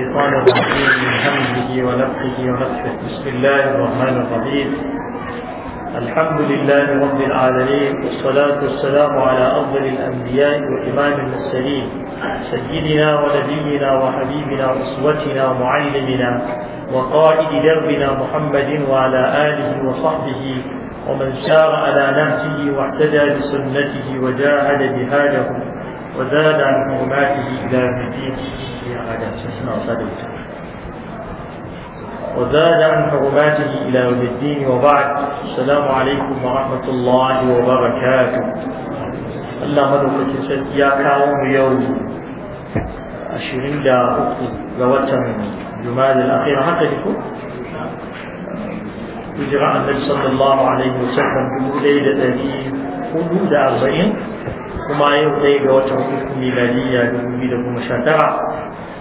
الشيطان الرجيم من همزه ونفخه ونفخه بسم الله الرحمن الرحيم الحمد لله رب العالمين والصلاة والسلام على أفضل الأنبياء وإمام المرسلين سيدنا ونبينا وحبيبنا وأسوتنا ومعلمنا وقائد دربنا محمد وعلى آله وصحبه ومن سار على نهجه واعتدى بسنته وجاهد جهاده وزاد عن حرماته إلى يوم الدين غدا شسنا وزاد عن حرماته إلى يوم الدين وبعد السلام عليكم ورحمة الله وبركاته الله مدوكة سيد يا كاوم يوم أشرين لا أخو غوتا جمال الأخير حتى يكون هجرة النبي صلى الله عليه وسلم ليلة ذي حدود أربعين kuma yau ɗaya ga watan uku miladiyya dubu biyu da goma sha tara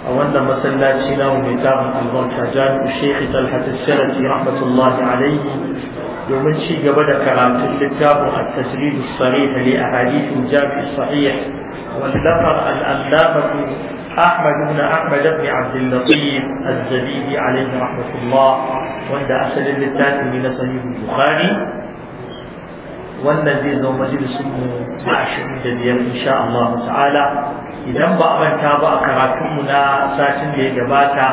a wannan masallaci na namu mai tarin albarka jami'u shekhi talhata sharafi rahmatullahi alaihi domin ci gaba da karatun littafin at-tasrif as-sarih li ahadith al-jami' sahih wallafar al-allamah أحمد بن أحمد بن عبد اللطيف الزبيدي عليه رحمة الله وعند أسد الثاني من صحيح البخاري wannan zai zama majalisun mu na ashirin da biyar insha Allah ta'ala idan ba a manta ba a karatun mu na satin da ya gabata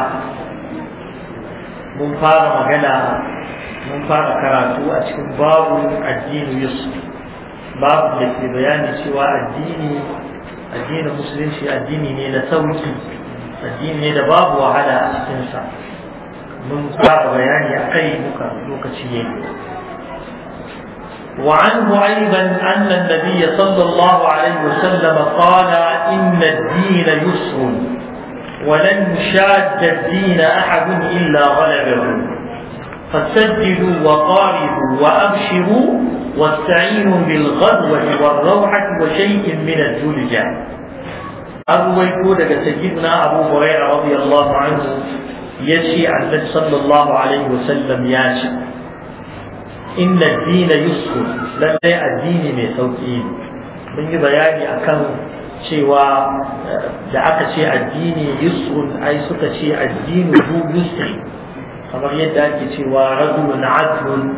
mun fara magana mun fara karatu a cikin babu addini yusuf babu da ke bayani cewa addini addinin musulunci addini ne na sauki addini ne da babu wahala a cikinsa mun fara bayani a kai muka lokaci ne وعنه أيضا أن النبي صلى الله عليه وسلم قال إن الدين يسر ولن يشاد الدين أحد إلا غلبه فسددوا وقاربوا وأبشروا واستعينوا بالغدوة والروحة وشيء من الزلجة أبو يقول سيدنا أبو هريرة رضي الله عنه يشي عن النبي صلى الله عليه وسلم ياشي إن الدين يسكن لا دي الدين من توكيد من يضياني يعني أكم شيء دعك شيء الدين يسكن أي سكة الدين هو يسكن كما يدعك شيء رجل عدل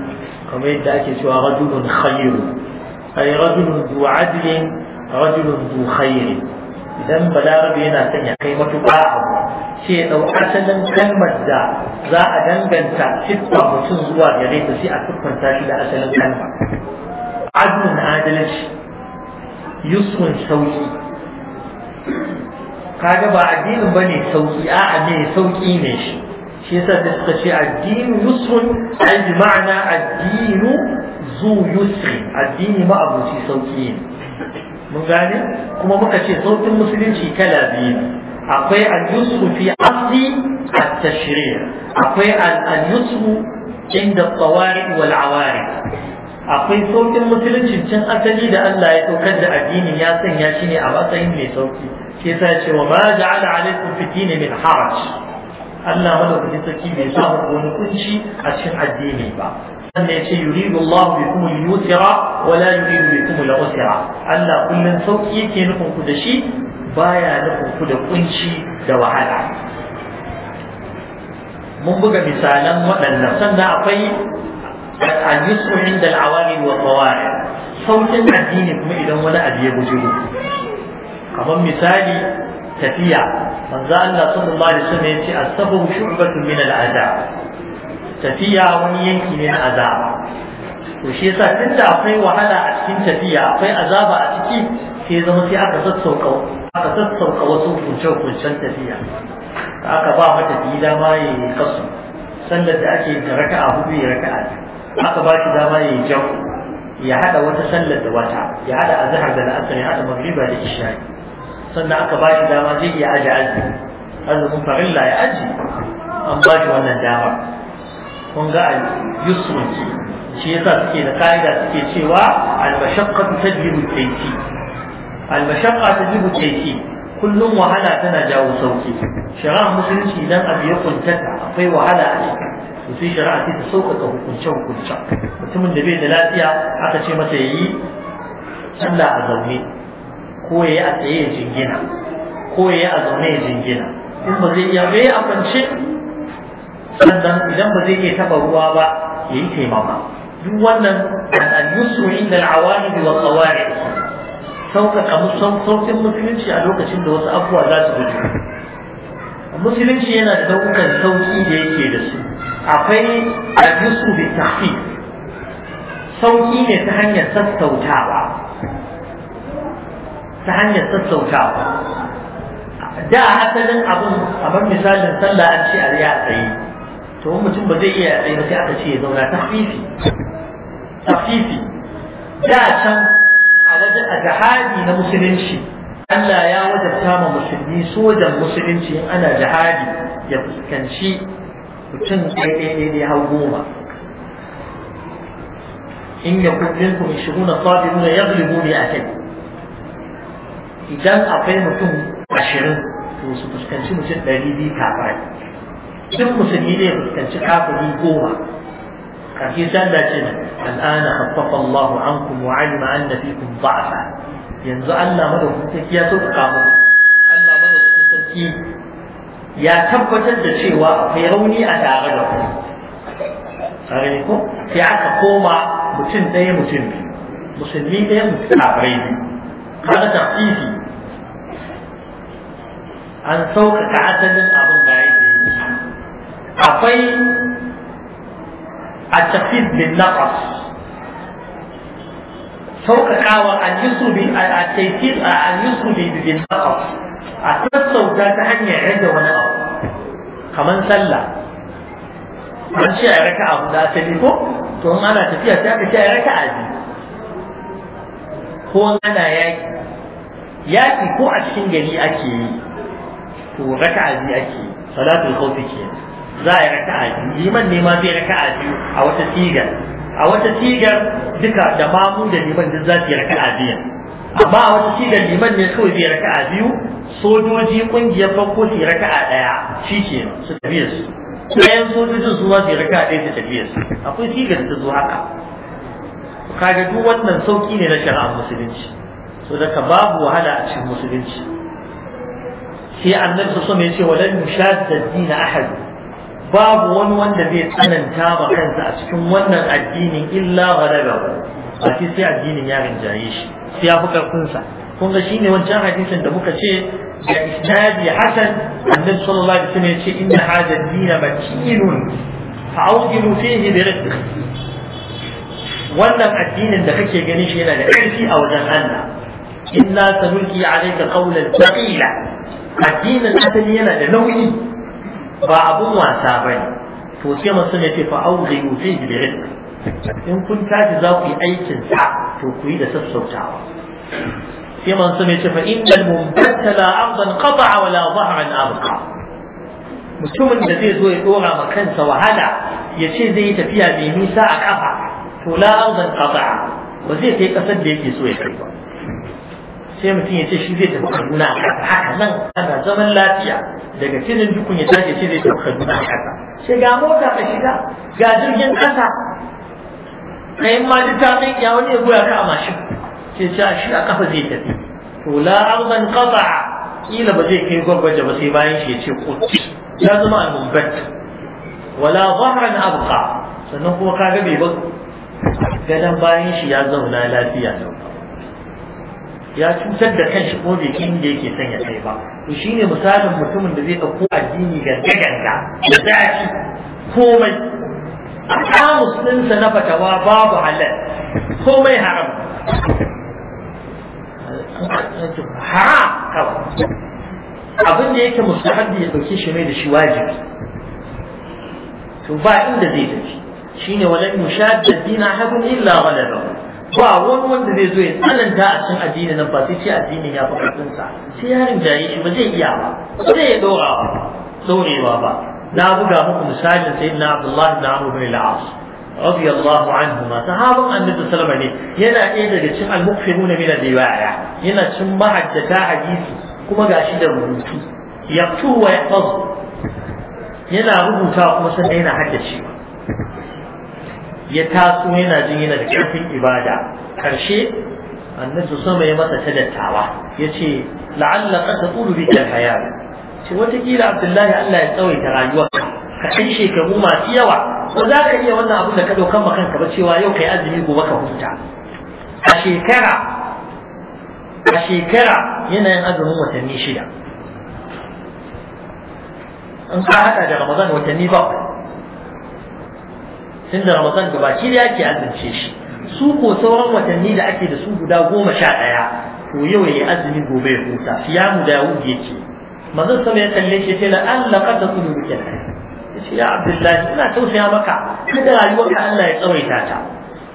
كما يدعك شيء رجل خير أي رجل ذو عدل رجل ذو خير إذا بلا ربينا سنحكي ما sai ɗau asalin kalmar da za a danganta siffa mutum zuwa gare ta sai a siffanta shi da asalin kalma adalin adalci yusrun sauki kaga ba addinin bane sauki a'a ne sauki ne shi shi yasa da suka ce addinu Yusufin, ai ma'ana addinu zu yusri addini ma abuci sauki ne mun gane kuma muka ce sautin musulunci kala biyu akwai al-yusru fi asli a tashri akwai al inda tawari wal awari akwai saukin musulunci cin asali da Allah ya saukar da addinin ya sanya shi ne a matsayin mai sauki shi yasa ce wa ma ja'ala alaikum fi min haraj Allah madaukakin saki mai sa muku wani kunci a cikin addini ba sannan ya ce yuridu Allah bikum al-yusra wa la yuridu bikum al-usra Allah kullun sauki yake nufin ku da shi baya nufin ku da kunci da wahala mun buga misalan waɗannan sannan akwai al-yusru inda al-awali wa qawari sautin addini kuma idan wani abu ya bujiro kamar misali tafiya manzo Allah sallallahu alaihi wasallam yace as-sabr shu'batun min al tafiya wani yanki ne na azaba to shi yasa tunda akwai wahala a cikin tafiya akwai azaba a ciki sai zama sai aka sassauka aka sassauka wasu hukunce-hukuncen tafiya Da aka ba mata biyu dama ya yi kasu sallar da ake yin raka a hudu ya raka a aka ba shi dama ya yi jan ya hada wata sallar da wata ya hada a zahar da la'asar ya hada magriba da Ishari. sannan aka ba shi dama zai iya aji azumi azumin farilla ya aji an ba shi wannan dama kun ga al-yusrun shi yasa suke da ka'ida suke cewa al-mashaqqatu tajlibu al-tayti al-mashaqqa tajibu tayki kullum wahala tana jawo sauki shari'ar musulunci idan abu ya kuntata akwai wahala a ciki to sai shari'a ta sauƙaƙa hukunce hukunce mutumin da bai da lafiya aka ce masa yayi sallah a zaune ko yayi a tsaye ya jingina ko yayi a zaune ya jingina in ba zai iya bai a kwance sannan idan ba zai iya taɓa ruwa ba yayi taimaka. duk wannan al-yusru inda al-awamid wal qawaid sauƙaƙa musamman musulunci a lokacin da wasu abubuwa za su gudu musulunci yana da nau'ukan sauƙi da yake da su akwai ajisu da tafi sauƙi ne ta hanyar sassautawa ta hanyar sassautawa da asalin abin kamar misalin sallah an ce a riya tsaye to mutum ba zai iya tsaye ba sai aka ce ya zauna tafifi tafifi da can a wajen a jihadi na musulunci Allah ya wajabta ma musulmi sojan musulunci in ana jihadi ya fuskanci mutum ɗaya ne har goma in ya kudin ku shiguna sabiru na yaglibu gobe a kai idan akwai mutum ashirin to su fuskanci mutum ɗari biyu kafai duk musulmi ne fuskanci kafiri goma kafin sallah ce ne al'ana khaffafa Allahu ankum wa alima anna fikum da'fa yanzu Allah madaukakin sarki ya sauka muku Allah madaukakin sarki ya tabbatar da cewa akwai rauni a tare da kuma. kare ko sai aka koma mutum ɗaya mutum biyu musulmi ɗaya mutum kafirai biyu kaga tafifi an sauƙaƙa asalin abin da ya ke yi akwai التخفيف بالنقص فوق كاوى اليسر التيسير اليسر بالنقص التسو ذات هنيا عند ونقص كمان سلة an ce a raka abu da asali ko to in ana tafiya sai aka ce a raka a biyu ko ana yaki yaki ko a cikin gari ake yi raka ake yi salatul za a yi raka'a biyu liman ne ma zai raka'a biyu a wata sigar a wata sigar duka da mamu da liman duk za su yi raka'a biyu amma a wata sigar liman ne kawai zai raka'a biyu sojoji kungiyar farko su yi raka'a daya shi ke su tafiya su ɗayan sojojin su ma su yi raka'a ɗaya su tafiya su akwai sigar ta zo haka kaga duk wannan sauki ne na shari'ar musulunci so daga babu wahala a cikin musulunci sai annabi sallallahu alaihi wasallam ya ce walan yushadda dina ahad babu wani wanda zai tsananta ma kansa a cikin wannan addinin illa ghalaba ba sai addinin ya rinjaye shi sai ya fi karfinsa kun ga shine wancan hadisin da muka ce da isnadi hasan annabi sallallahu alaihi wasallam ya ce inna hadha ad-din matinun fa'awdilu fihi bi rizq wannan addinin da kake ganin shi yana da ƙarfi a wajen Allah inna sanulki alayka qawlan thaqila addinin asali yana da nauyi ba abun wasa ba ne to sai mutum ya ce fa aure zai birik in kun tashi za ku yi aikin sa to ku yi da sassautawa sai mutum ya ce fa innal mumbattala ardan qata'a wa la dhahran mutumin da zai zo ya dora ma kansa wahala ya ce zai yi tafiya mai nisa a kafa to la ardan qata'a ba zai kai kasar da yake so ya kai ba sai mutum ya ce shi zai tafi kaduna a kasa haka nan ana zaman lafiya daga filin dukun ya tashi ce zai tafi kaduna a kasa sai ga mota ka shiga ga jirgin kasa kai ma duk ta kai ya wani ya goya ka a mashin sai ce shi a kafa zai tafi to la arban qata kila ba zai kai gwagwaje ba sai bayan shi ya ce kutti ya zama a mumbat wala dhahran abqa sannan kuma kaga bai ba gadan bayan shi ya zauna lafiya lau ya cutar da kanshi ko bai kin da yake sanya kai ba to shine misalin mutumin da zai ɗauko addini ga daganta da zaci komai amma musulmin sa na fatawa babu halal komai haram haram kawai abin da yake mustahabi ya ɗauke shi mai da shi wajibi to ba inda zai tafi shine walan yushadda dina hadun illa ghalaba ba wani wanda zai zo ya tsananta a cikin addini nan ba sai ce addinin ya fi ƙarfinsa sai yarin jaye shi ba zai iya ba ba zai ɗora ba ɗorewa ba na buga muku misalin sai na abdullahi na amur bin al'as radiyallahu anhu ma sahabin annabi sallama ne yana ɗaya daga cikin al-mukfiruna min al-riwaya yana cikin mahaddata hadisi kuma gashi da rubutu yaktu wa yahfaz yana rubuta kuma sai yana haddace ya taso yana jin yana da ƙarfin ibada ƙarshe annabi sama ya masa ta dattawa ya ce la'alla ka taqulu bi hayat ce abdullahi Allah ya tsawaita rayuwarka ka kai shekaru masu yawa ko za ka iya wannan abin da ka ɗaukan ma kanka ba cewa yau kai azumi gobe ka huta a shekara a shekara yanayin azumin watanni shida An ka haɗa da ramadan watanni bakwai tunda ramadan gabaci da yake azumce shi su ko sauran watanni da ake da su guda goma sha ɗaya to yau ya yi azumi gobe ya huta siyamu da ya yake manzon sama ya kalle shi sai la Allah qad tasulu bi yace ya abdullahi ina tausaya maka kada rayuwar ka Allah ya tsawaita ta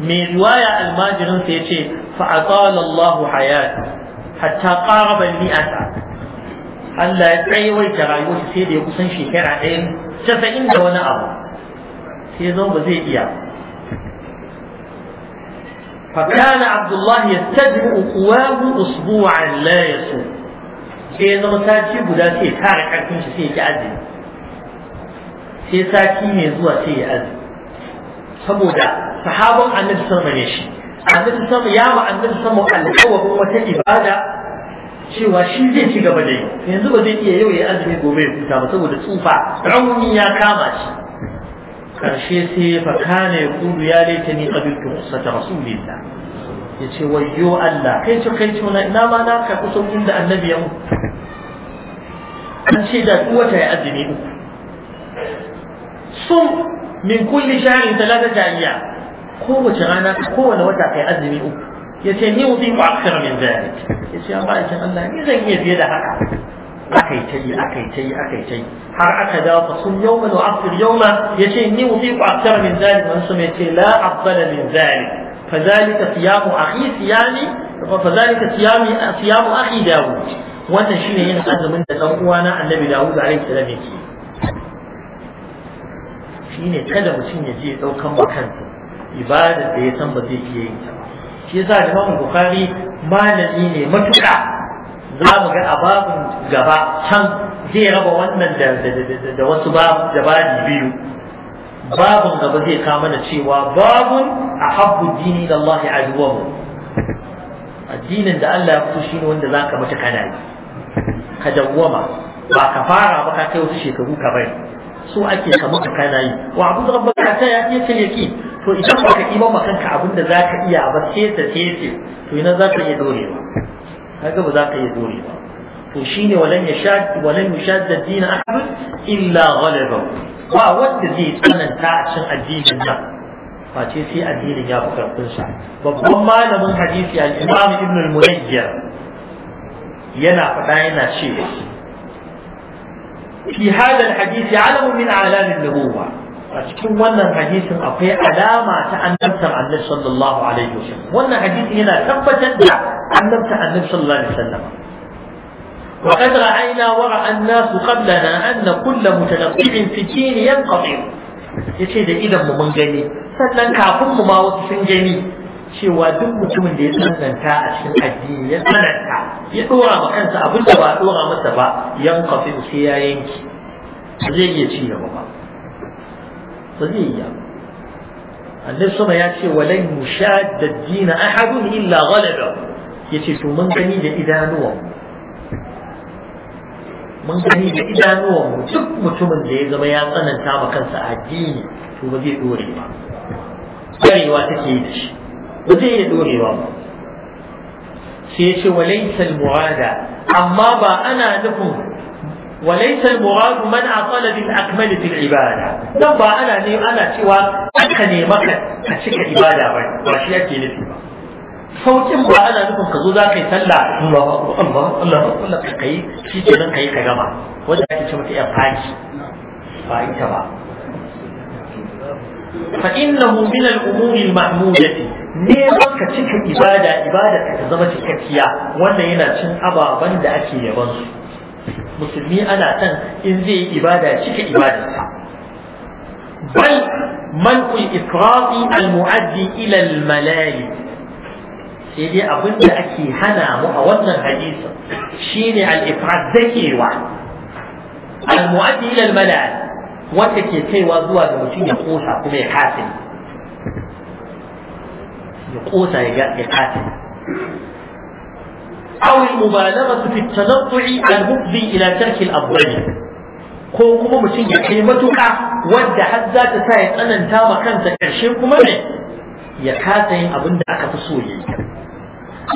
mai riwaya almajirin sa yace fa aqala Allah hayati hatta qaraba mi'ata Allah ya tsayawaita rayuwar sai da ya kusan shekara ɗaya casa'in da wani abu sai zan ba zai iya فكان عبد الله يستجمع قواه اسبوعا لا يصوم sai zama sati guda sai kare karfin shi sai ya ki azumi sai sati mai zuwa sai ya azumi saboda sahaban annabi sama ne shi annabi sama ya ma annabi sama alƙawarin wata ibada cewa shi zai ci gaba da yi yanzu ba zai iya yau ya azumi gobe ya kuta ba saboda tsufa rauni ya kama shi karshe sai fa kana ya kudu ya laita ni qabiltu usata rasulillah ce wayyo Allah kai ce kai ce ina ma na ka kuso inda annabi ya mutu an ce da duwata ya azumi uku sum min kulli shahrin talata jariya kowace rana kowane wata kai azumi uku Ya ce ni uti ku akthar min ce 'An ba'a in Allah ni zan iya fiye da haka aka yi ta yi aka ta yi aka ta yi har aka dawo fa sun yau mana afir yau ma ya ce ni wufi ku aftar min zalik wani su mai ce la afdala min zalik fa zalika siyamu akhi siyami fa zalika siyami siyamu akhi dawud wannan shi ne yin azumin da dan uwana annabi da alaihi salam Shi ne kada mutum ya je daukan makansa ibadar da ya san ba zai iya yin ta ba shi yasa Imam Bukhari malami ne matuƙa za mu ga a babin gaba can zai raba wannan da wasu da biyu babin gaba zai kama da cewa babun a habbu dini da Allah ya aduwa addinin da Allah ya fito shi ne wanda za ka mata kana yi ka dawwama ba ka fara ba ka kai wasu shekaru ka bai Su ake ka maka kana yi wa abu da rabbaka ta ya iya ta to idan ba ka ima makanka abin da za ka iya ba sai ta sai to ina za ka iya dorewa kaga ba za ka iya dore ba to shine walan yashad walan yashad ad-din ahad illa ghalabahu ba wanda zai tsananta a cikin addinin nan face sai addinin ya fi karfin sa babban malamin hadisi al-imam ibn al yana faɗa yana cewa في هذا الحديث علم من أعلام النبوة أتكون وانا حديث أقوى علامة أن نمتر عن النبي صلى الله عليه وسلم وانا حديث هنا ثبت الدعاء علمت عن النبي صلى الله عليه وسلم وقد راينا ورا الناس قبلنا ان كل متلقي في الدين ينقطع يسيد اذا من جني سنن كافر ما وسن جني شوى دم مسلم دي سنن كا اشن الدين يسنن كا يدور ما كان تورا سبا يدور ينقطع في ايينك زي يجي يوما زي النبي صلى الله عليه وسلم ولن يشاد الدين احد الا غلبه yace to mun gani da idanuwan mun gani da idanuwan mu duk mutumin da ya zama ya tsananta ma kansa addini to ba zai dore ba karewa take yi da shi ba zai iya dorewa ba sai yace walaysa al-mu'ada amma ba ana nufin وليس ba ana أطال ana cewa العبادة نبا أنا نيم أنا سوى ba مكة أشك عبادة nufi ba. saukin ba ana nufin ka zo za ka yi sallah Allah Allah Allah Allah ka kai shi ke nan ka yi ka gama wanda ake ce mata yan fashi ba ita ba fa innahu min al-umuri al-mahmudati ne ka cika ibada ibada ta zama cikakkiya wannan yana cin ababen da ake yaban su musulmi ana san in zai yi ibada cika ibadarsa bal man ikrar al-mu'addi ila al-malali sai dai abin da ake hana mu a wannan hadisi shine al ifrad zakiwa al-mu'addi ila al-malal wacce ke kaiwa zuwa ga mutum ya kosa kuma ya kafin ya kosa ya ga ya kafin al المبالغة al التنطع ila tark al الأضرار ko kuma mutum ya kai matuƙa wanda har za ta sa ya tsananta ma kansa ƙarshe kuma ne ya kasa yin abin da aka fi so ya yi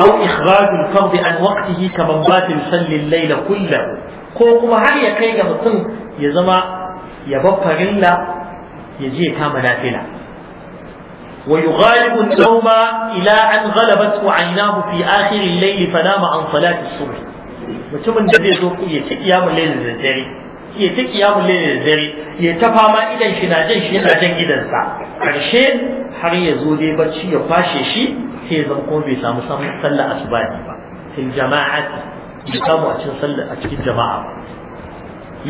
أو إخراج الفرد عن وقته كمن بات يصلي الليل كله ko kuma har ya kai ga mutum ya zama ya bar farilla ya je kama nafila wa yughalibu an-nawma ila an ghalabat aynahu fi akhir al-layl fa nama an salati mutumin da zai zo ya ci kiyamul layl da dare ya ci kiyamul da dare ya ta fama idan shi na jan shi yana jan gidansa karshe har ya zo dai bacci ya kwashe shi sai zan ko bai samu sallar asuba ba fil jama'ati bai samu a cikin sallar a cikin jama'a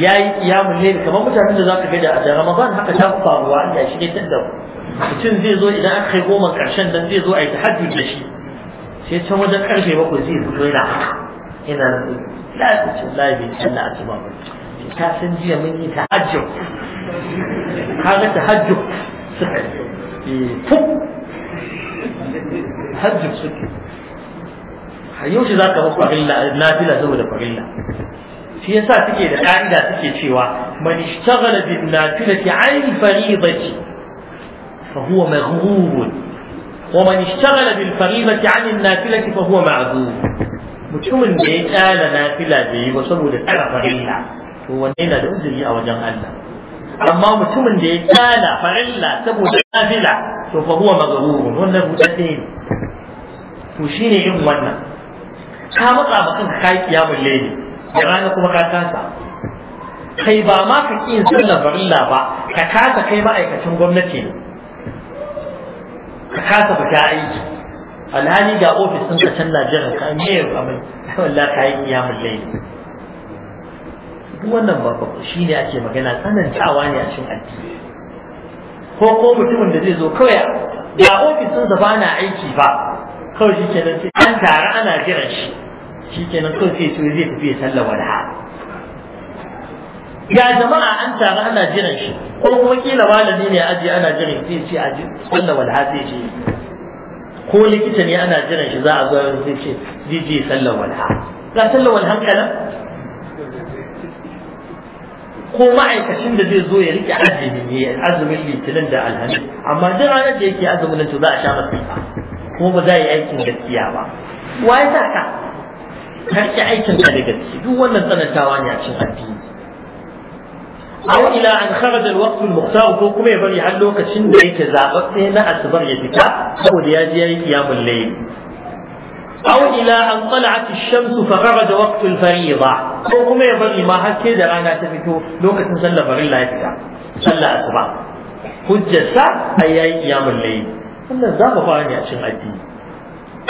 ya yi kiyamun ne kamar mutanen da za ka gada a Ba haka ta faruwa Allah shi ne tunda mutum zai zo idan aka kai goma karshen dan zai zo a yi tahajjud da shi sai can wajen karfe bakwai zai fito yana ina da lafiyacin lafi sallar asuba ba ta san jiya mun yi ta tahajjud kaga tahajjud suka yi tahajjud suke yaushe za ka ba farilla nafila saboda farilla shi yasa suke da ka'ida suke cewa man ishtaghala bin nafilati an fariidati fa huwa maghrur wa man ishtaghala bil fariidati an nafilati fa huwa ma'zur mutumin da ya kyala nafila da yi ba saboda tsara farilla to wanne yana da uzuri a wajen Allah amma mutumin da ya kyala farilla saboda nafila to fa huwa maghrur wannan rudadde ne to shi ne yin wannan ka matsa ba kanka ka yi balle ne, da rana kuma ka kasa kai ba ma ka kiyin sallar barilla ba ka kasa kai ma'aikacin gwamnati ne ka kasa fita aiki alhali ga ofis sun ka can Najeriya ka me ya mai wallahi ka yi kiyamun ne. duk wannan ba shi ne ake magana tsanantawa ne a cikin addini ko ko mutumin da zai zo kawai ga ofis ɗinsa ba na aiki ba kawai shi kenan sai an tare ana jiran shi shi kenan kawai sai to zai tafi ya sallar walaha ya jama'a an tare ana jiran shi ko kuma kila malami ne aji ana jiran sai ce aji sallar walaha sai ce ko likita ne ana jiran shi za a zo sai ce zai je sallar walaha ga sallar walaha kana ko ma'aikacin da zai zo ya rike azumi ne azumin litinin da alhamis amma duk ranar da yake azumin to za a sha masa kuma ba za a yi aikin gaskiya ba wa ya sa ka karki aikin ka da gaske duk wannan tsanantawa ne a cikin addini aw ila an kharaja alwaqt almuqtar ko kuma ya bari har lokacin da yake zababbe na asbar ya fita saboda ya je yayi qiyamul layl aw ila an tala'at ash-shams fa kharaja waqt al-fariida ko kuma ya bari ma har da rana ta fito lokacin sallar farilla ya fita sallar asuba hujjarsa yayi layl wannan za ka fara ne a cin addini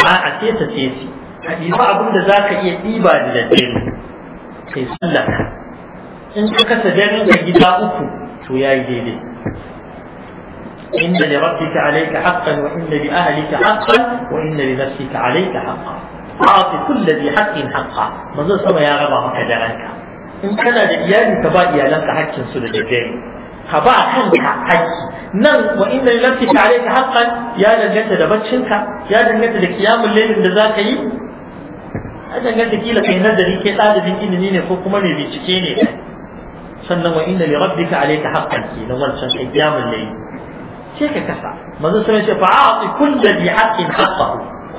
a a sai ta a ɗiba abin da za ka iya ɗiba da daddare kai sallaka in ka kasa daren ga gida uku to ya yi daidai إن لربك عليك حقا وإن لأهلك حقا وإن لنفسك عليك حقا أعطي كل ذي حق حقا ما da سما يا ربا هكذا إن كان لإيالك بقى إيالك حق da daddare. ka ba kanka haƙƙi nan wa inda nafsi ka alaika haqqan ya danganta da baccinka ya danganta da kiyamun lailin da za ka yi ya danganta kila kai nazari kai ɗalibin ilimi ne ko kuma mai bincike ne sannan wa inda ka haƙan haqqan na wancan kai kiyamun lailin sai ka kasa manzo sai ce fa fa'ati kullu bi haqqin haƙa.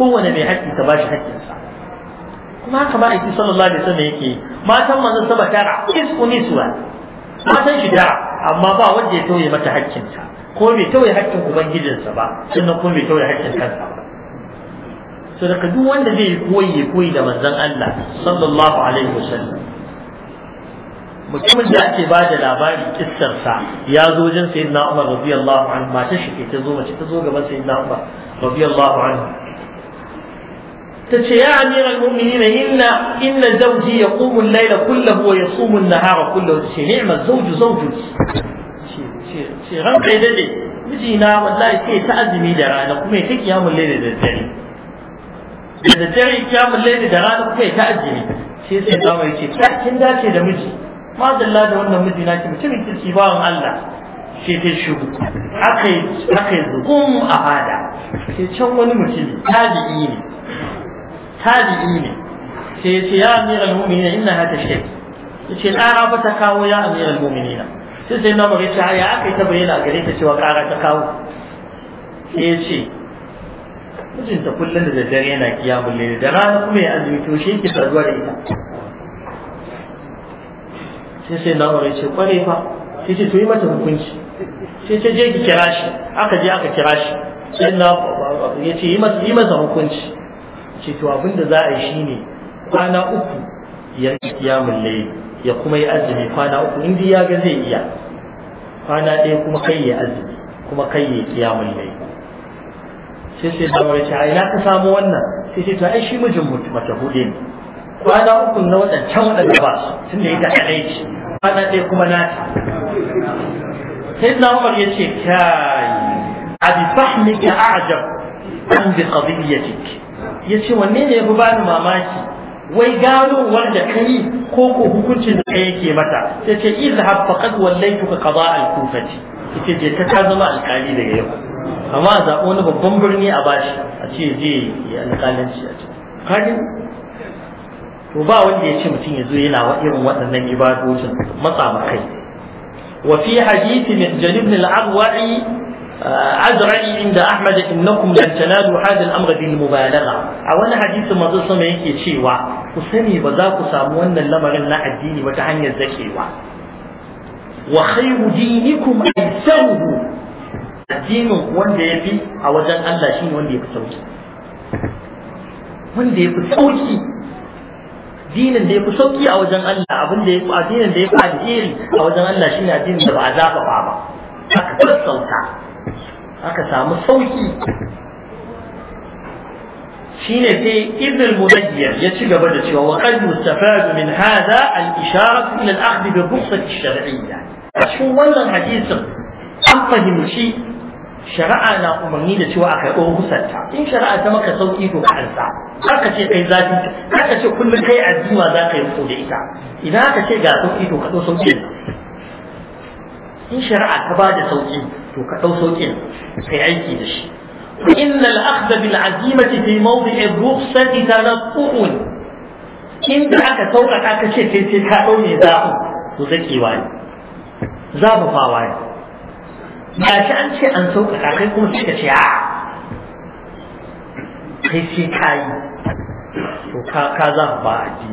kowane mai haƙi ka ba bashi haƙinsa. kuma haka ma'aiki sallallahu alaihi wasallam yake matan manzo sama tara isku niswa matan shi da amma ba wanda ya tauye mata haƙƙinta ko bai tauye haƙƙin ubangijinsa ba sannan ko bai tauye haƙƙin kansa ba so da duk wanda zai koyi ya koyi da manzon Allah sallallahu alaihi wasallam mutumin da ake ba da labari kissarsa ya zo wajen sayyidina Umar radiyallahu anhu mata shi ke ta zo mace ta zo gaban sayyidina Umar radiyallahu anhu تتشي يا أمير المؤمنين إن إن زوجي يقوم الليل كله ويصوم النهار كله تتشي نعم الزوج زوج شي غم عددي مجينا والله كي تأزمي درانا كم يتك يام الليل دزري دزري يام الليل درانا كم يتأزمي شي سي قام يتشي كن داشي دمجي ما دلا دا wannan miji na ki mutumin kirki bawan Allah sai ta shugo aka yi aka yi zukum a hada sai can wani mutumi tabi'i ne tabi'i ne sai ya ce ya amiral mu'minina innaha tashaki yace ƙara ba ta kawo ya al mu'minina sai sai na bari ta ya aka yi ta bayyana gare ta cewa ƙara ta kawo sai ya ce mijinta kullum da daddare yana kiyamun lele da rana kuma ya azumi to shi yake tsaruwa da ita sai sai na bari ce kware fa sai ce to yi mata hukunci sai ta je ki kira shi aka je aka kira shi sai na ya ce yi masa hukunci ce to abin da za a yi shine kwana uku ya kiyamun layi ya kuma yi azumi kwana uku in ya ga zai iya kwana ɗaya kuma kai ya azumi kuma kai ya kiya layi sai sai da wani a ina ka samu wannan sai sai to ai shi mijin mace hude ne kwana uku na waɗancan waɗanda ba su tun da ita kaɗai ce kwana ɗaya kuma na ta. sai da Umar ya ce kai abi fahmika a'jab an bi qadiyatik ya ce wanne ne ya fi bani mamaki wai gano wanda ka ko ko hukuncin da ka yake mata ya ce izhab wallai wallaytu ka ba al ya ce je ta zama alkali daga yau amma a zaɓi wani babban birni a bashi a ce je ya alkalanci a cikin to ba wanda ya ce mutum ya zo yana wa irin waɗannan ibadocin matsa ma kai wa fi hadisi min jalib al-aqwa'i azra'i inda ahmad innakum lan tanalu hada al-amr bil mubalagha a wani hadisi manzo sama yake cewa ku sani ba za ku samu wannan lamarin na addini ba ta hanyar zakewa wa khayru dinikum aysahu addinin wanda ya fi a wajen Allah shine wanda ya fi sauki wanda ya fi sauki dinin da ya fi sauki a wajen Allah abin da ya fi addinin da ya fi a wajen Allah da ba a ba sassauta aka samu sauki shine sai ibn al-mudayyir ya ci gaba da cewa wa qad mustafad min hadha al-ishara ila al-akhdh bi rukhsat ash-shar'iyya cikin wannan hadisin an fahimci shari'a na umarni da cewa a karɓo rusanta in shari'a ta maka sauƙi to ka ansa haka ce kai zafi haka ce kullum kai azima za ka yi ko da ita idan haka ce ga sauƙi to ka ɗau sauƙi in shari'a ta ba da sauƙi to ka ɗau sauƙin kai aiki da shi إن الأخذ بالعزيمة في موضع الرخصة تلقح in da aka sauƙaƙa ka ce sai sai ka ɗaune zaɓu to zaƙewa ne zaɓaɓawa ne Ya shi an ce an sauƙaƙa kai kuma sai ka ce a kai sai ka yi to ka zaɓaɓa a ji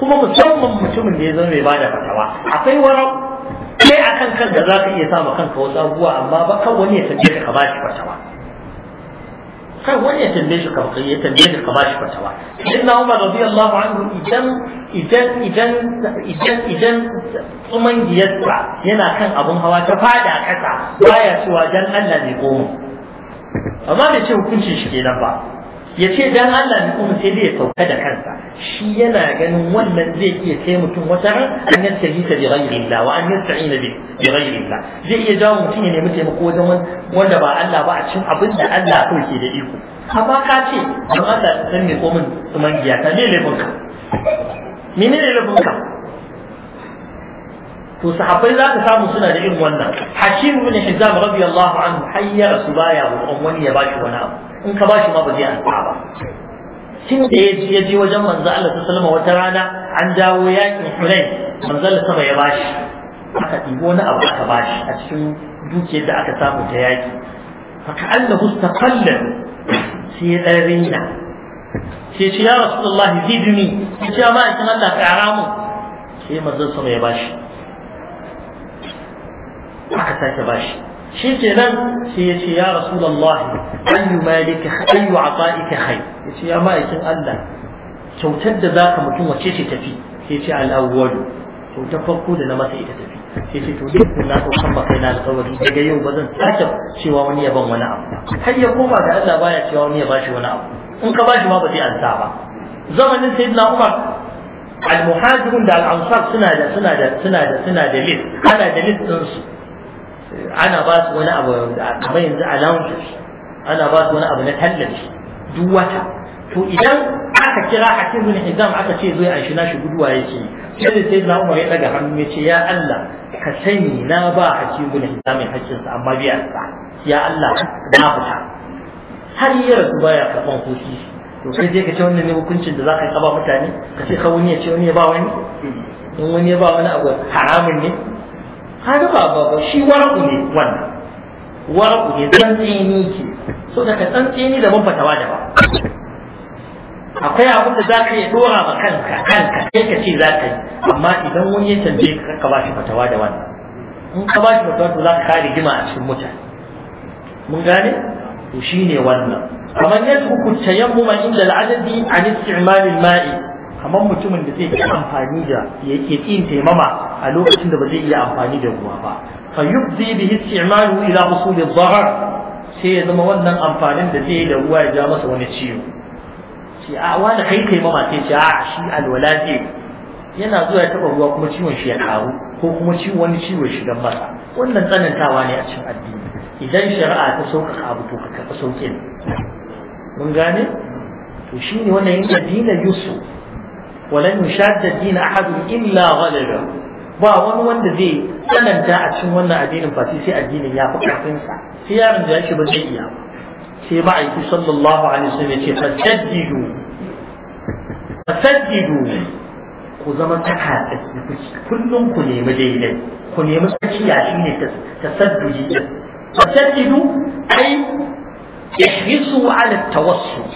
kuma musamman mutumin da ya zama mai bada fatawa akwai warau kai a kan kanka za ka iya sa ma kanka wasu abubuwa amma ba kan wani ya tambaye ka ka ba shi fatawa kan wani ya tambaye shi ka ya tambaye ka ka ba shi fatawa idan na umar Allahu anhu idan idan idan idan idan tsuman giyarsa yana kan abun hawa ta fada kasa baya cewa dan Allah ne komo. amma bai ce hukuncin shi kenan ba ya ce dan Allah ne kuma sai zai sauka da kansa shi yana ganin wannan zai iya kai mutum wata ran an yastahisa bi ghairillah wa an yasta'ina bi ghairillah zai iya jawo mutum ya nemi taimako wajen wanda ba Allah ba a cikin abin da Allah kawai ke da iko amma ka ce don Allah san ne komin tsuman giya ta ne laifinka menene laifinka to sahabbai za ka samu suna da irin wannan hashim bin hizam radiyallahu anhu hayya su baya wani ya bashi wani abu in ka bashi ma ba zai amsa ba tun da ya je wajen manzo Allah ta sallama wata rana an dawo yakin Hunain manzo Allah saba ya bashi aka ɗibo wani abu aka bashi a cikin dukiyar da aka samu ta yaki fa ka'annahu istaqalla sai ya dan rina sai ce ya rasulullahi zidni sai ya ma akin Allah ƙara mu sai manzo saba ya bashi aka sake bashi shi kenan sai ya ce ya rasulullahi ayyu malika ayyu ata'ika khair ya ce ya ma'aikin Allah kyautar da zaka mutum wace ce tafi sai ce al-awwal kyautar farko da na masa ita tafi sai ce to duk na to kan ba kai na alƙawari daga yau ba zan sake cewa wani ya ban wani abu har ya koma ga Allah baya cewa wani ya bashi wani abu in ka bashi ma ba zai ansa ba zamanin sayyidina Umar al-muhajirun da al-ansar suna da suna da suna da suna da list ana da list ɗinsu ana ba su wani abu kamar yanzu allowance ana ba su wani abu na tallafi duk wata to idan aka kira a bin hizam aka ce zai an shi guduwa yake sai da sai na umar ya daga hannu ya ce ya Allah ka sani na ba a bin hizam hakkin sa amma biya sa ya Allah na fita har ya rasu baya karban koki to sai dai ka ce wannan ne hukuncin da zaka yi ba mutane ka ce ka wani ya ce wani ya ba wani in wani ya ba wani abu haramun ne kaga ba ba shi warku ne wannan warku ne tsantseni ke so daga tsantseni da ban fatawa da ba akwai abin da za ka iya dora ba kanka kanka sai ka ce za ka yi amma idan wani ya canje ka ka ba shi fatawa da wannan in ka ba shi fatawa to za ka kare gima a cikin mutane mun gane to shine wannan kamar yadda hukunta yammu ma inda al'adadi an isti'malil ma'i kamar mutumin da zai yi amfani da ya ke ƙin taimama a lokacin da ba zai iya amfani da ruwa ba fa yubdi bihi isti'malu ila usul ad-darar sai ya zama wannan amfanin da zai yi da ruwa ya ja masa wani ciwo sai a wani kai taimama sai ce a shi alwala ce yana zuwa ya taba ruwa kuma ciwon shi ya karu ko kuma ciwon wani ciwo ya dan masa wannan tsanantawa ne a cikin addini idan shari'a ta sauƙaƙa abu to ka karɓi sauƙin mun gane to ne wannan yin addinin yusuf walan yushadda ad-din ahadun illa ghalaba ba wani wanda zai tsananta a cikin wannan addinin fa sai addinin ya fi karfin sa sai yaron da yake ba zai iya sai ma'aiki sallallahu alaihi wasallam ya ce fasaddidu fasaddidu ku zama ta tsaka kullum ku nemi daidai ku nemi tsakiya shine tasadduji fasaddidu ai ihrisu ala tawassul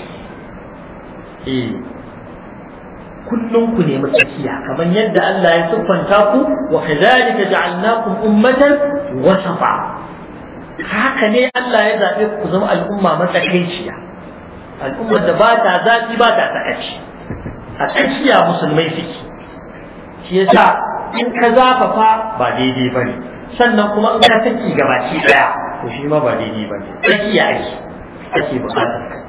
eh kullum ku nemi tsakiya kamar yadda Allah ya siffanta ku wa kadhalika ja'alnakum ummatan wasafa haka ne Allah ya zabe ku zama al'umma matsakaiciya al'ummar da ba ta zafi ba ta tsakaci a tsakiya musulmai suke shi yasa in ka zafafa ba daidai ba ne sannan kuma in ka saki gabaki daya to shi ma ba daidai ba ne tsakiya ake ake bukatar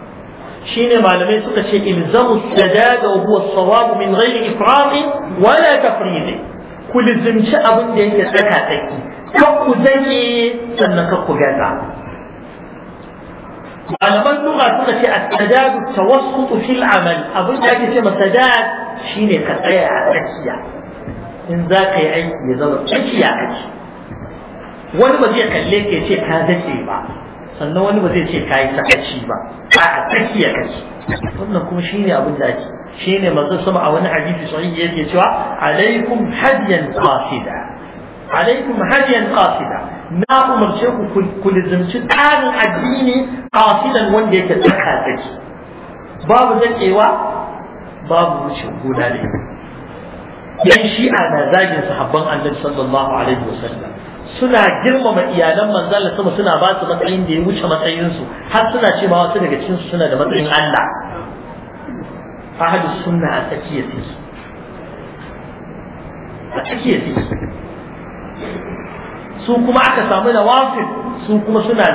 شيني معلمين سكة شيء إلزموا السداد وهو الصواب من غير إفراط ولا تفريط كل زمشة أبن ديك الزكاة كفو زكي سنة كفو جزا معلمين لغة سكة السداد التوسط في العمل أبن ديك شيء مسداد شيني كفايا أكيا إن ذاك يعي يزمر أكيا أكيا وانو بديك الليك يشيك هذا الشيء بعض sannan wani ba zai ce ka yi sakaci ba a tsakiya kake wannan kuma shi ne abin da ake shi ne masu sama a wani hadisi sahihi yake cewa alaikum hadiyan qasida alaikum hadiyan qasida na umarce ku ku lizimci tsarin addini qasidan wanda yake tsaka tsaki babu zakewa babu wucin gona ne yan shi'a na zagin sahabban annabi sallallahu alaihi wasallam suna girmama iyalan manzon Allah sama suna ba su matsayin da ya wuce matsayinsu, har suna ce ma wasu daga cikin suna da matsayin Allah ahadu sunna a tsakiya su a tsakiya su su kuma aka samu da wafin su kuma suna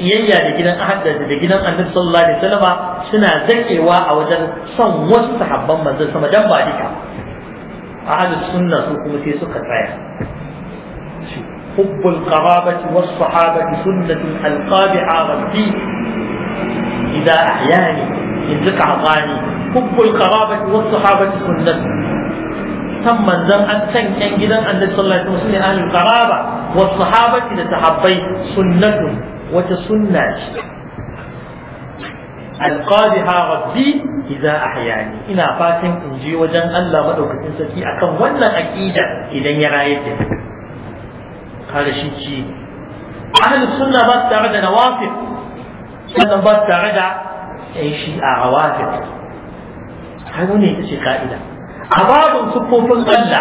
iyayya da gidan ahad da gidan annabi sallallahu alaihi salama, suna zakewa a wajen son wasu sahabban manzon sama dan ba duka ahadu sunna su kuma sai suka tsaya حب القرابة والصحابة سنة الألقاب ربي إذا أحياني ذك عطاني حب القرابة والصحابة سنة ثم زم أن تنكن جدا أن صلى الله عليه وسلم أهل القرابة والصحابة إذا تحبي سنة وتسنة alqabiha rabbi idza إذا أحياني fatan in أنجي وجن الله madaukakin sarki أكون wannan aqida idan ya هذا شيء شيء أهل السنة بس تعدى نوافق سنة بس تعدى أي شيء آه، عوافق هذا ني تشي قائلة أباب صفوف الغلة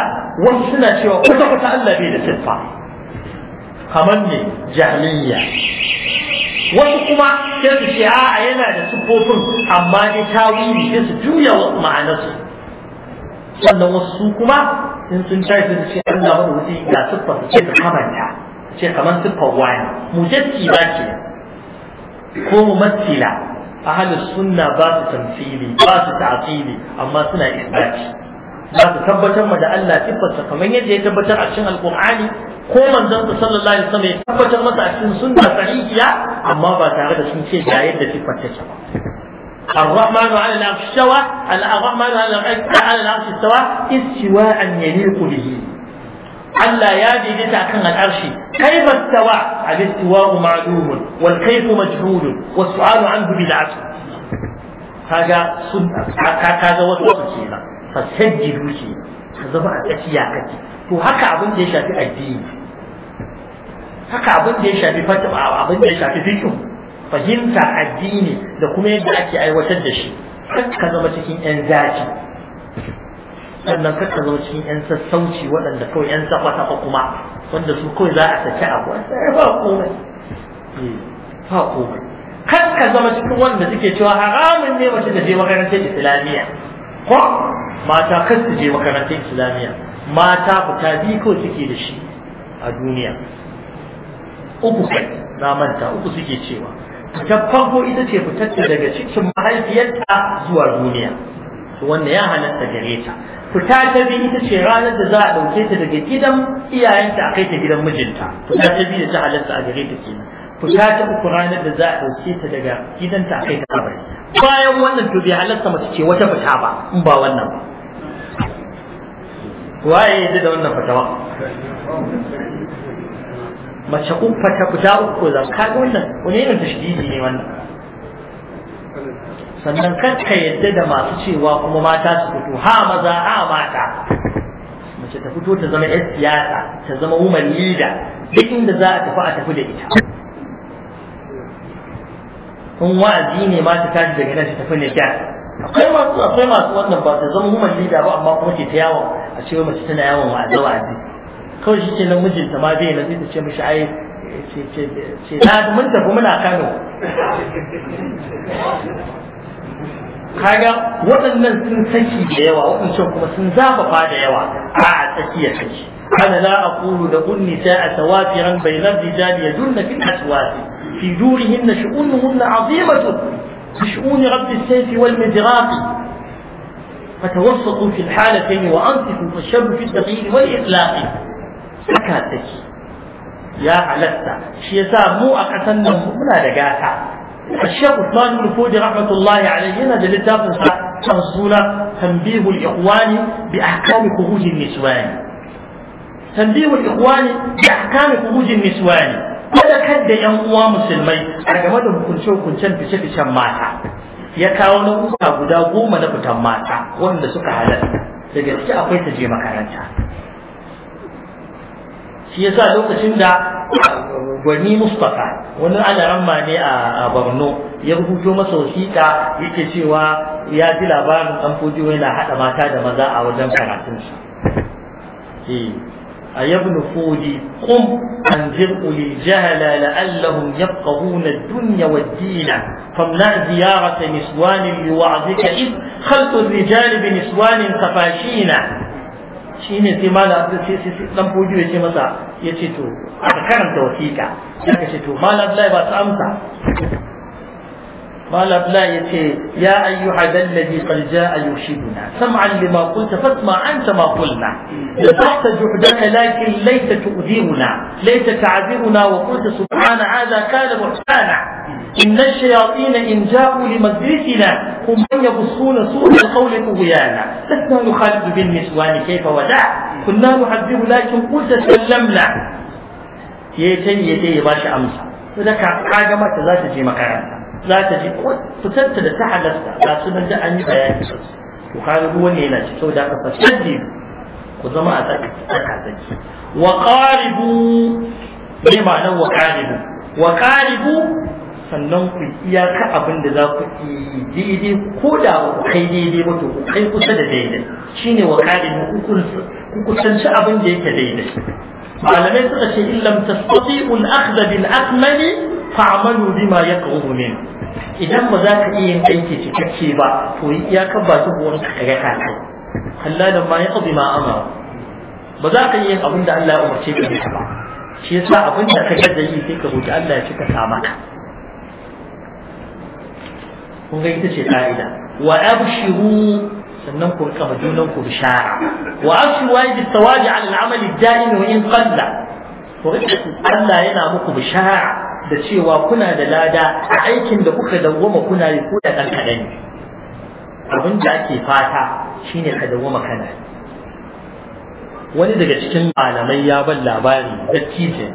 والسنة شو كتب تألى بيد السلفة كمني جهلية wasu kuma sai su shi a yana da siffofin amma dai tawili sai su juya ma'anarsu sannan wasu su kuma in sun tashi su ce Allah wani wuce ga siffa su ce su kamanta ce kamar siffar wani mujatti ba ke ko mu matsila ahalus sunna ba su tamfili ba su ta'atili amma suna isbati za su tabbatar ma da Allah siffarsa kamar yadda ya tabbatar a cikin alkur'ani ko manzon ku sallallahu alaihi wasallam ya tabbatar masa a cikin sunna sahihiya amma ba tare da sun ce ga yadda siffar take ba الرحمن على العرش استوى الرحمن على العرش استوى استواء يليق به ألا يادي لتا كان العرش كيف استوى الاستواء معلوم والكيف مجهول والسؤال عنه بالعرش هذا سنة هذا وصف كينا فسجدوا كينا هذا ما أتيا كتي تو هكا أبن ديشا في الدين هكا أبن ديشا في فتح أبن ديشا في فيكم fahimta addini da kuma yadda ake aiwatar da shi kan ka zama cikin yan zaki sannan kan ka zama cikin yan sassauci waɗanda kawai yan saba-saba kuma wanda su kawai za a saki abu ba komai eh, ba komai kan ka zama cikin wanda suke cewa haramun ne mace da je makarantar islamiyya ko mata kan su je makarantar islamiyya mata fita bi kawai suke da shi a duniya uku kai na manta uku suke cewa fitar farko ita ce fitar daga cikin mahaifiyarta zuwa duniya wannan ya halatta gare ta fita ta biyu ita ce ranar da za a ɗauke ta daga gidan iyayenta a kai ta gidan mijinta fita ta biyu da ta halatta a gare ta kenan fita ta uku ranar da za a ɗauke ta daga gidanta a kai ta kabari bayan wannan to bai halatta mace ce wata fita ba in ba wannan ba waye ya da wannan fatawa mace uffa ta fita uku zan kaga wannan wani irin tashdidi ne wannan sannan ka yadda da masu cewa kuma mata su fito ha maza ha mata mace ta fito ta zama yar siyasa ta zama woman leader duk inda za a tafi a tafi da ita in wa'azi ne ma ta tashi daga nan ta tafi ne akwai masu akwai masu wannan ba ta zama woman leader ba amma kuma ke ta yawon a cewa mace tana yawon wa'azi wa'azi kawai shi ke nan mijinta ma bai nan ta ce mishi ai ce na mun tafi muna kano kaga waɗannan sun saki da yawa waɗancan kuma sun zafafa da yawa a tsakiya kake أنا لا أقول لهن نساء توافرا بين الرجال يجن في الأسواق في دورهن شؤونهن عظيمة بشؤون رب السيف والمزراق فتوسطوا في الحالتين وأنصفوا فالشر في التغيير والإطلاق saka take ya halarta. shi yasa mu a ƙasan nan muna da gata الشيخ عثمان بن فوجي رحمة الله عليه هنا للتاب تنصولا تنبيه الإخوان بأحكام خروج النسوان تنبيه الإخوان بأحكام خروج النسوان kada kadda yan uwa musulmai a game da hukunce-hukuncen fice-ficen mata ya kawo na guda goma na fitan mata wanda suka halarta. daga ciki akwai ta je makaranta shi yasa lokacin da gwani mustafa wani alaramma ne a borno ya rubuto masa wasiƙa yake cewa ya ji labarin ɗan fujiyo yana haɗa mata da maza a wajen karatunsa eh, a yabnu fuji kum an uli jahala la'allahum yafqahuna dunya wad-din famna ziyarata niswanin liwa'dika id khaltu rijali bi niswanin tafashina shi ne sai mala sai sai dan fojo ya ce masa ya ce to aka karanta wasiƙa ya ce to mala Allah ba ta amsa قال لا يتي يا أيها ذا الذي قد جاء يرشدنا سمعا لما قلت فاسمع أنت ما قلنا لفحت جهدك لكن ليس تؤذينا ليس تعذرنا وقلت سبحان هذا كان محسانا إن الشياطين إن جاءوا لمدرسنا هم من يبصون سوء القول طغيانا لسنا نخالف بالنسوان كيف ودع كنا نحذر لكن قلت سلمنا يتي يتي باش أمسى ولك حاجة ما تزاشت في مكانها za ta ji fitar da ta halarta ga su nan da an yi bayani to kaga ruwa ne yana ci saboda haka fasaddi ku zama a tsaka tsaki wa qaribu ne ma'anar wa qaribu wa qaribu sannan ku iyaka abin da za ku yi daidai ko da ku kai daidai ba to ku kai kusa da daidai shine wa qaribu ku kusanci abin da yake daidai malamai suka ce in lam tastati'u al-akhdha bil akmali fa'malu bima yaqrubu minhu idan ba za ka iya yin aiki cikakke ba to ya kan su zuwa ka kare ka kai hallalan ma ya tsabi ma amara ba za ka iya yin abin da Allah ya umarce ka yi ba shi yasa abin da ka gaza yi sai ka roki Allah ya cika ka maka kun ga ita ce ka'ida wa abshiru sannan ku rika junan ku bishara wa abshiru wa bisa-waje ala al-amali ad-da'im wa in qalla ku Allah yana muku bishara da cewa kuna da lada a aikin da kuka dawwama kuna yi ko da ɗan abin da ake fata shine ka dawwama kana wani daga cikin malamai ya ban labari dattijin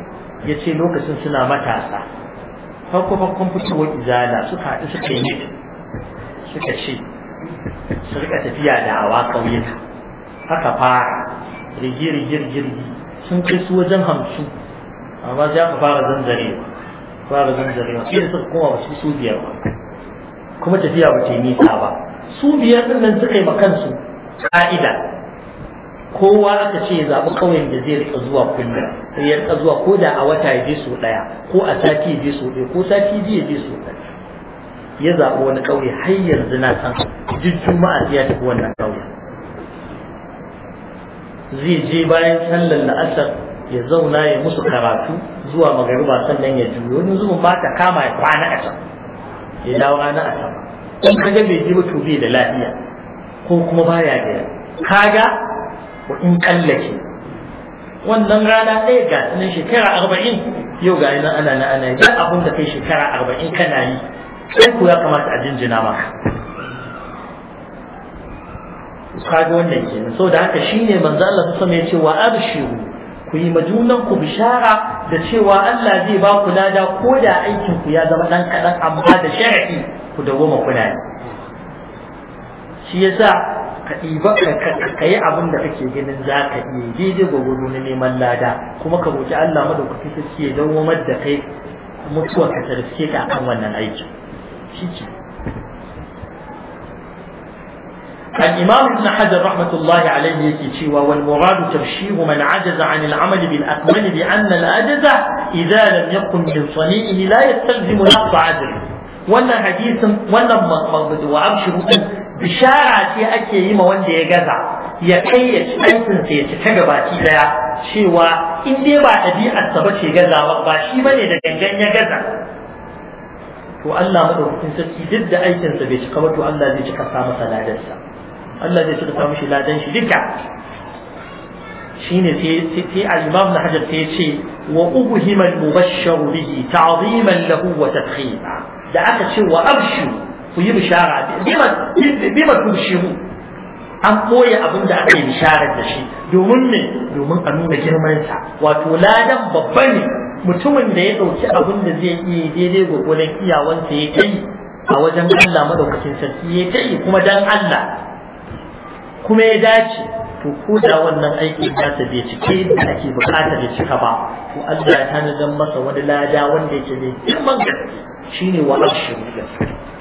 ya ce lokacin suna matasa farko farkon fitowar izala suka haɗu suka yi suka ce su rika tafiya da hawa ƙauyuka haka fara rigirigirgirgi sun kai su wajen hamsin amma za ka fara zanzarewa fara zanzarewa sai da suka koma wasu su biyar ba kuma tafiya ba ta yi nisa ba su biyar din nan suka yi ma kansu ka'ida kowa aka ce zaɓi ƙauyen da zai rika zuwa kullum sai ya rika zuwa ko da a wata ya je su ɗaya ko a sati ya je su ɗaya ko sati biyu ya je su ɗaya ya zaɓi wani ƙauye har yanzu na san duk juma'a ya tafi wannan ƙauyen zai je bayan sallar la'asar ya zauna ya musu karatu zuwa magariba sannan ya juyo wani zubin ba ta kama ya kwana a can ya dawo rana a can in ka ga bai ji ba to bai da lafiya ko kuma baya gida kaga wa in kallake wannan rana ɗaya ga na shekara arba'in yau ga nan ana na ana ga abin da kai shekara arba'in kana yi sai ku ya kamata a jinjina maka kaga wannan kenan saboda haka shine manzo Allah sallallahu alaihi wasallam ya ce wa abshiru ku yi majunan ku bishara da cewa Allah zai ba ku lada ko da aikin ku ya zama dan kadan amma da shar'i ku dawoma kuna yi shi yasa ka ɗiba ka yi abin da kake ganin za ka iya daidai gwagwaro na neman lada kuma ka roki Allah madaukakin sarki ya dawo da kai mutuwa ka tarfike ka akan wannan aiki. shi الإمام ابن حجر رحمة الله عليه يكتشي والمراد تبشير من عجز عن العمل بالأكمل لأن العجز إذا لم يكن من صنيعه لا يستلزم نقص عجزه wannan hadisin wannan wa'abshi hudun bishara ce ake yi ma wanda ya gaza ya kai ya ci aikinsa ya cika gabaki daya cewa in dai ba ɗabi'arsa ba ce gazawa ba shi ba ne da gangan gaza to Allah duk da aikinsa bai cika ba to Allah zai cika sa masa Allah zai sirfa mishi ladan shi duka Shi ne sai al-Imam Hajar sai ce wa ubhima al-mubashshar bihi ta'ziman lahu wa tadkhima da aka ce wa abshu ku yi bishara bima bima an koya abin da aka yi bisharar da shi domin domin a nuna girmansa wato ladan babba ne mutumin da ya ɗauki abin da zai iya daidai gwagwalon iyawansa ya kai a wajen Allah madaukakin sarki ya kai kuma dan Allah kuma ya dace to ko da wannan aiki nasa bai cike da ake bukata ya cika ba to Allah ya dan masa wani lada wanda yake mai girman gaske shine wa ashiru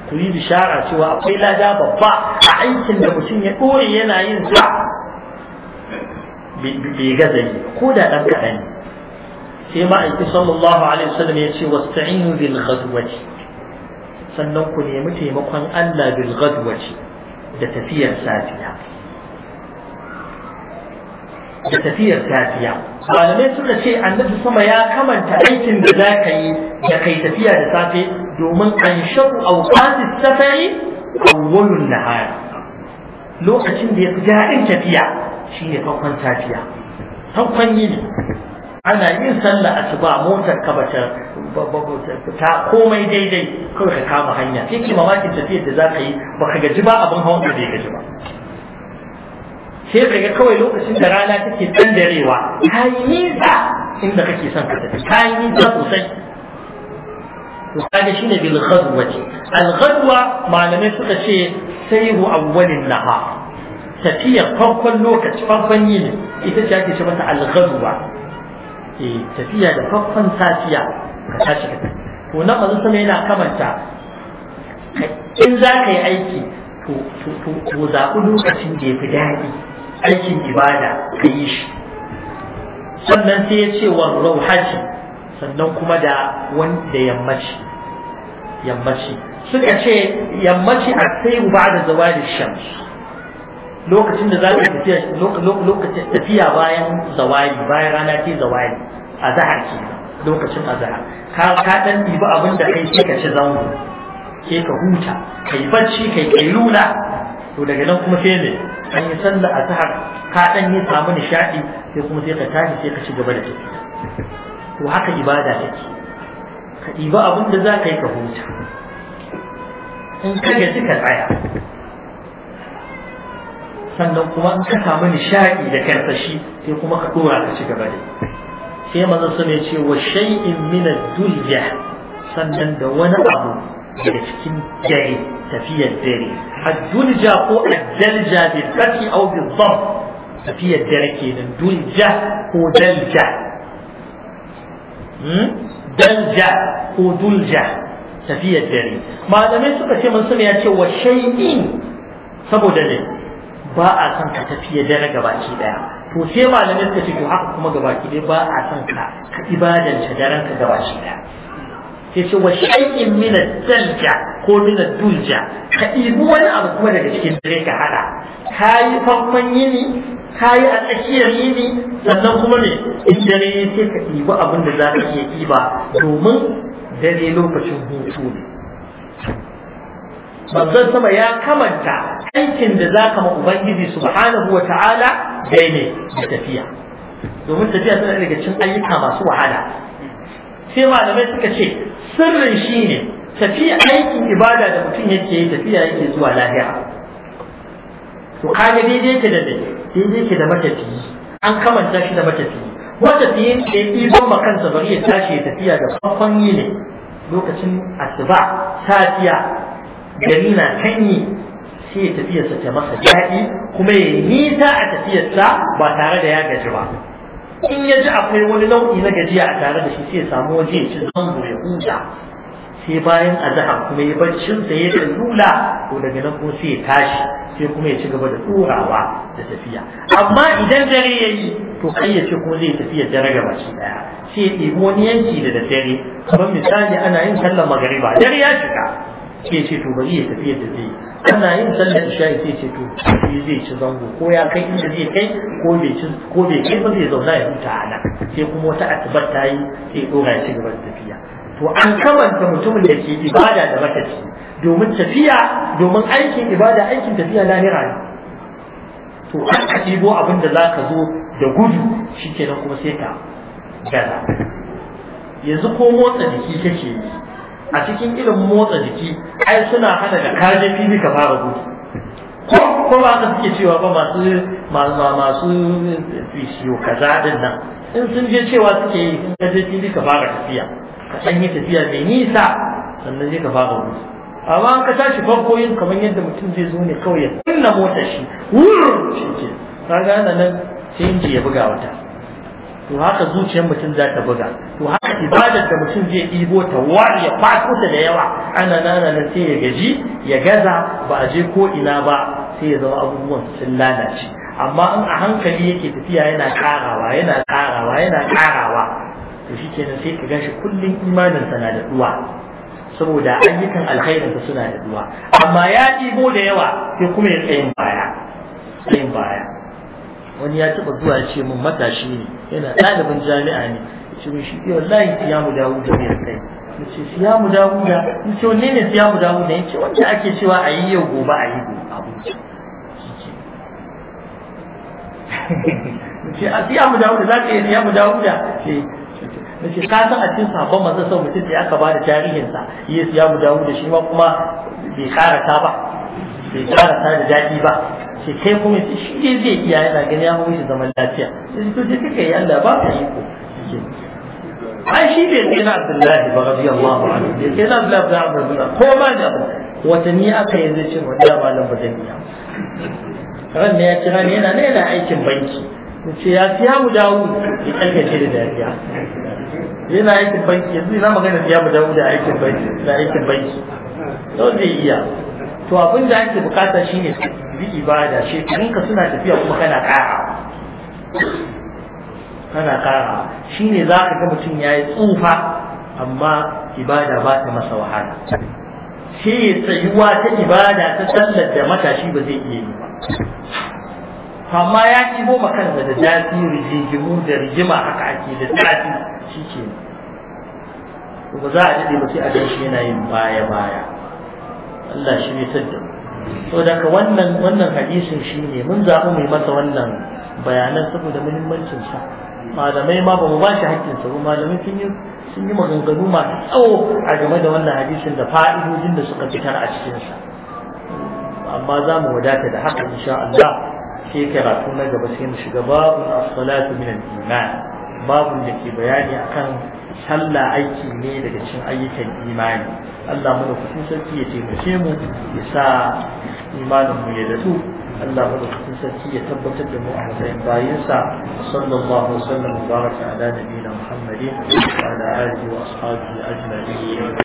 ku yi bishara cewa akwai lada babba a aikin da mutum ya ɗore yana yin sa bai gaza yi ko da ɗan kaɗan ne sai ma'aiki sallallahu alaihi wasallam ya ce wasta'inu bil ghadwati sannan ku nemi taimakon Allah bil ghadwati da tafiyar safiya da tafiyar tafiya malamai suka ce annabi sama ya kamanta aikin da za ka yi da kai tafiya da safe domin an shaku auqati safari awwalun nahar lokacin da ya fi daɗin tafiya shine farkon safiya farkon yini ana yin sallah a asuba motar ka bata ta komai daidai kawai ka kama hanya sai ki mamakin tafiyar da za ka yi baka gaji ba abin hawan da bai gaji ba sai ga kawai lokacin da rana take dan darewa ta yi nisa inda kake son ka tafi ta yi nisa sosai to kaga shine bil ghadwati al ghadwa malamai suka ce sai sayru awwalin nahar tafiyar farkon lokaci farkon yini ita ce ake ce mata alghazuwa eh tafiya da farkon safiya ka tashi ka tafi to na manzo sama yana kamanta in za ka yi aiki to zaɓi lokacin da ya fi daɗi aikin ibada ka yi shi sannan sai ya ce wa rauhaci sannan kuma da wanda yammaci yammaci suka ce yammaci a sai ba da da shams lokacin da za ka tafiya lokacin tafiya bayan zawali bayan rana ce zawali a zahar ke lokacin azhar ka ka dan ɗibi abin da kai sai ka ci zango ke ka huta kai bacci kai kai luna to daga nan kuma sai ne an yi sallah a sahar ka dan yi samu nishadi sai kuma sai ka tashi sai ka ci gaba da tafiya to haka ibada take ka ɗiba abin da za ka yi ka huta in ka gaji ka tsaya sannan kuma in ka samu nishaɗi da kansa shi sai kuma ka dora ka ci gaba da sai maza su sun ce wa shay'in min ad-dunya sannan da wani abu daga cikin dare tafiyar dare الدلجة هو الدلجة بالفتح أو بالضم ففي dalja الدلجة هو ko دلجة هو دلجة ففي الدري ما لم يسبق من سمع شيء شيء سبب دليل ba a son ka tafiye dare gabaki daya to sai malamai suka ce to haka kuma gabaki dai ba a son ka ka ibadance daren ka gabaki daya sai ce wa shay'in min dalja ko min dulja ka ɗibi wani abu kuma daga cikin dare ka haɗa ka yi farkon yini ka yi a tsakiyar yini sannan kuma ne in dare ya ka ɗibi abin da za ka iya ɗiba domin dare lokacin hutu ne manzon sama ya kamanta aikin da za ka ma ubangiji subhanahu wa ta'ala dai ne da tafiya domin tafiya tana daga cikin ayyuka masu wahala sai malamai suka ce sirrin shi ne tafiya aikin ibada da mutum yake yi tafiya yake zuwa lahira to kaga daidai yake da daidai yake da matafiyi an kamanta shi da matafiyi matafiyin ne ya ɗiban ma kansa bari ya tashi ya tafiya da farkon yi ne lokacin asuba safiya gari na canyi sai ya tafiyarsa ta masa daɗi kuma ya nisa a tafiyarsa ba tare da ya gaji ba in ya ji akwai wani nau'i na gajiya a tare da shi sai ya samu waje ya ci zango ya huta sai bayan azhar kuma ya baccin sa ya lula to daga nan kuma sai ya tashi sai kuma ya ci gaba da turawa da tafiya amma idan dare yayi to kai ya ce kuma zai tafiya dare gaba shi daya sai ya ɗebi wani yanki da dare. kamar misali ana yin sallar magariba dare ya shiga sai ce to bari ya tafiya da zai ana yin sallar isha sai ce to shi zai ci zango ko ya kai inda zai kai ko bai ci ko bai kai ba zai zauna ya huta ana sai kuma wata atibar ta yi sai ya dora ya ci gaba da tafiya to an kamanta mutumin da yake ibada da makaci domin tafiya domin aikin ibada aikin tafiya lahira ne to an ka ɗibo abin da za ka zo da gudu shi kenan kuma sai ka gaza yanzu ko motsa jiki kake yi a cikin irin motsa jiki ai suna hana da kaje fili ka fara gudu ko ba ka suke cewa ba masu masu fisiyo kaza din nan in sun je cewa suke yi sun kaje fili ka fara tafiya ka ɗan yi tafiya mai nisa sannan zai ka fara gudu amma ka tashi farko yin kamar yadda mutum zai zo ne kawai ya kunna mota shi wurin shi ke kaga yana nan sai inji ya buga wata to haka zuciyar mutum za ta buga to haka ibadar da mutum zai ɗibo ta wari ya fato ta da yawa ana nana nan sai ya gaji ya gaza ba a je ko ina ba sai ya zama abubuwan sun lalace amma in a hankali yake tafiya yana ƙarawa yana ƙarawa yana ƙarawa to shi kenan sai ka gashi kullum imaninsa na da duwa saboda ayyukan alkhairinsa suna da duwa amma ya ɗibo da yawa sai kuma ya tsayin baya tsayin baya wani ya taɓa zuwa ya ce mun matashi ne yana ɗalibin jami'a ne ce mun shi eh, wallahi ya mu dawo da mai kai ya ce siya mu dawo da ya ce wanne ne siya mu dawo da ya ce wanda ake cewa a yi yau gobe a yi gobe abinci ce a siya mu dawo da za ka iya siya mu dawo da nace ka san a cikin sabon manzon sau mutum da aka bada tarihin sa yesu ya mu dawo da shi ma kuma bai karata ba bai karata da daɗi ba ce kai kuma shi ne zai iya yana gani ya shi zaman lafiya sai to je kake yi Allah ba ka yi ko ai shi bai kai na Abdullahi ba radiyallahu anhu ba kai na Abdullahi ba Abdullahi ko ma da watanni aka yi zai ce wani malam ba zan iya ran ne ya kira ne yana ne yana aikin banki ce ya fiya mu dawo ya kalkace da dariya yana aikin banki yanzu na magana ya mu dawo da aikin banki da aikin banki to zai iya to abin da ake bukata shine bi ibada ka suna tafiya kuma kana ƙara kana ƙara shine za ka ga mutum ya yi tsufa amma ibada ba ta masa wahala shi ya tsayuwa ta ibada ta sallar da matashi ba zai iya yi ba amma ya kibo makansa da jazi rigimu da rigima haka ake da tsafi shi ke ba za a daɗe ba sai a shi yana yin baya baya Allah shi ne sadda to ka wannan wannan hadisin shi ne mun zaɓi mu masa wannan bayanan saboda muhimmancin sa malamai ma ba mu ba shi hakkin sa ba malamai sun yi sun yi maganganu masu tsawo a game da wannan hadisin da fa'idojin da suka fitar a cikin sa amma za mu wadata da haka insha Allah sai karatu na gaba sai mu shiga babu as-salatu min iman babun da ke bayani akan sallah aiki ne daga cikin ayyukan imani Allah mu da sarki ya taimake mu ya sa imanin mu ya dadu Allah mu da sarki ya tabbatar da mu a matsayin bayinsa sallallahu alaihi wa sallam baraka ala nabiyina muhammadin wa ala alihi wa ashabihi ajma'in